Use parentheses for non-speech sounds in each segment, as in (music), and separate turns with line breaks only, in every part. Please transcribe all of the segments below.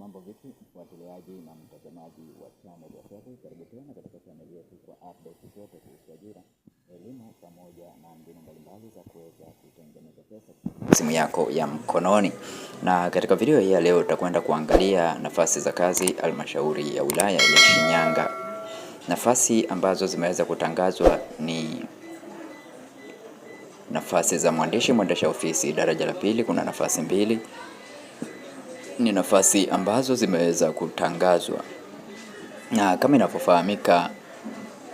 Mambo vipi mfuatiliaji na mtazamaji wa chaneli ya Tete, karibu tena katika chaneli yetu kwa update zote kuhusu ajira, elimu pamoja na mbinu mbalimbali za kuweza kutengeneza pesa simu yako ya mkononi. Na katika video hii ya leo tutakwenda kuangalia nafasi za kazi halmashauri ya wilaya ya Shinyanga. Nafasi ambazo zimeweza kutangazwa ni nafasi za mwandishi mwendesha ofisi daraja la pili, kuna nafasi mbili ni nafasi ambazo zimeweza kutangazwa, na kama inavyofahamika,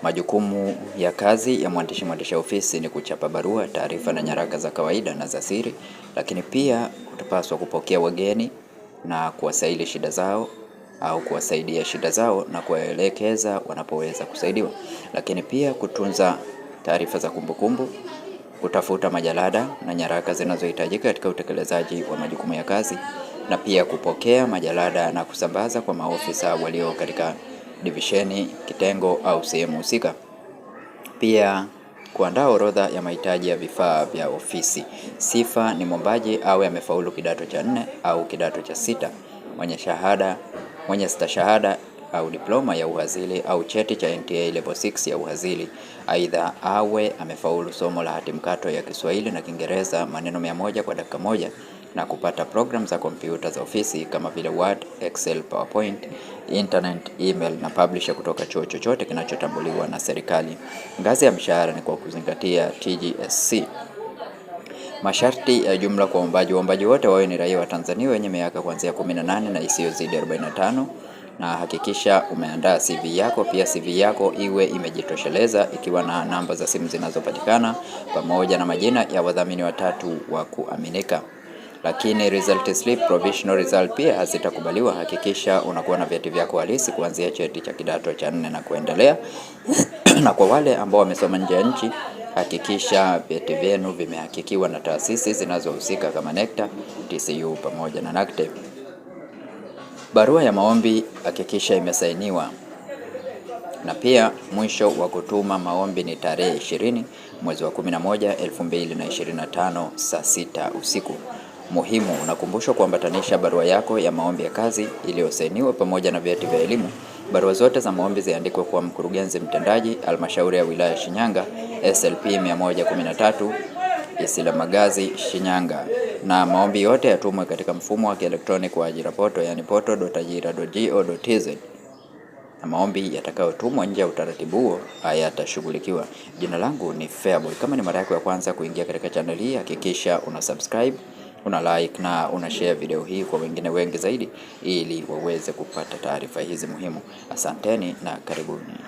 majukumu ya kazi ya mwandishi mwendesha ofisi ni kuchapa barua, taarifa na nyaraka za kawaida na za siri, lakini pia utapaswa kupokea wageni na kuwasaili shida zao au kuwasaidia shida zao na kuwaelekeza wanapoweza kusaidiwa, lakini pia kutunza taarifa za kumbukumbu, kutafuta majalada na nyaraka zinazohitajika katika utekelezaji wa majukumu ya kazi na pia kupokea majalada na kusambaza kwa maofisa walio katika divisheni, kitengo au sehemu husika. Pia kuandaa orodha ya mahitaji ya vifaa vya ofisi. Sifa ni mwombaji awe amefaulu kidato cha nne au kidato cha sita, mwenye shahada, mwenye stashahada au diploma ya uhazili au cheti cha NTA level 6 ya uhazili. Aidha, awe amefaulu somo la hati mkato ya Kiswahili na Kiingereza maneno mia moja kwa dakika moja na kupata programu za kompyuta za ofisi kama vile Word, Excel, PowerPoint, internet, email na publisher kutoka chuo chochote kinachotambuliwa na serikali. Ngazi ya mshahara ni kwa kuzingatia TGSC. Masharti ya jumla kwa waombaji. Waombaji wote wawe ni raia wa Tanzania wenye miaka kuanzia 18 na isiyozidi 45 na hakikisha umeandaa CV yako. Pia CV yako iwe imejitosheleza ikiwa na namba za simu zinazopatikana pamoja na majina ya wadhamini watatu wa kuaminika lakini result slip, provisional result pia hazitakubaliwa. Hakikisha unakuwa na vyeti vyako halisi kuanzia cheti cha kidato cha nne na kuendelea. (clears throat) na kwa wale ambao wamesoma nje ya nchi hakikisha vyeti vyenu vimehakikiwa na taasisi zinazohusika kama NECTA, TCU pamoja na NACTE. Barua ya maombi hakikisha imesainiwa. Na pia mwisho wa kutuma maombi ni tarehe 20 mwezi wa 11 2025 saa 6 usiku. Muhimu, unakumbushwa kuambatanisha barua yako ya maombi ya kazi iliyosainiwa pamoja na vyeti vya elimu. Barua zote za maombi ziandikwe kwa Mkurugenzi Mtendaji, Halmashauri ya Wilaya Shinyanga, SLP 113 Isilamagazi, Shinyanga, na maombi yote yatumwe katika mfumo wa kielektroniki wa ajira poto, yani poto.ajira.go.tz na maombi yatakayotumwa nje ya utaratibu huo hayatashughulikiwa. Jina langu ni Feaboy. Kama ni mara yako ya kwanza kuingia katika channel hii, hakikisha una subscribe una like na una share video hii kwa wengine wengi zaidi, ili waweze kupata taarifa hizi muhimu. Asanteni na karibuni.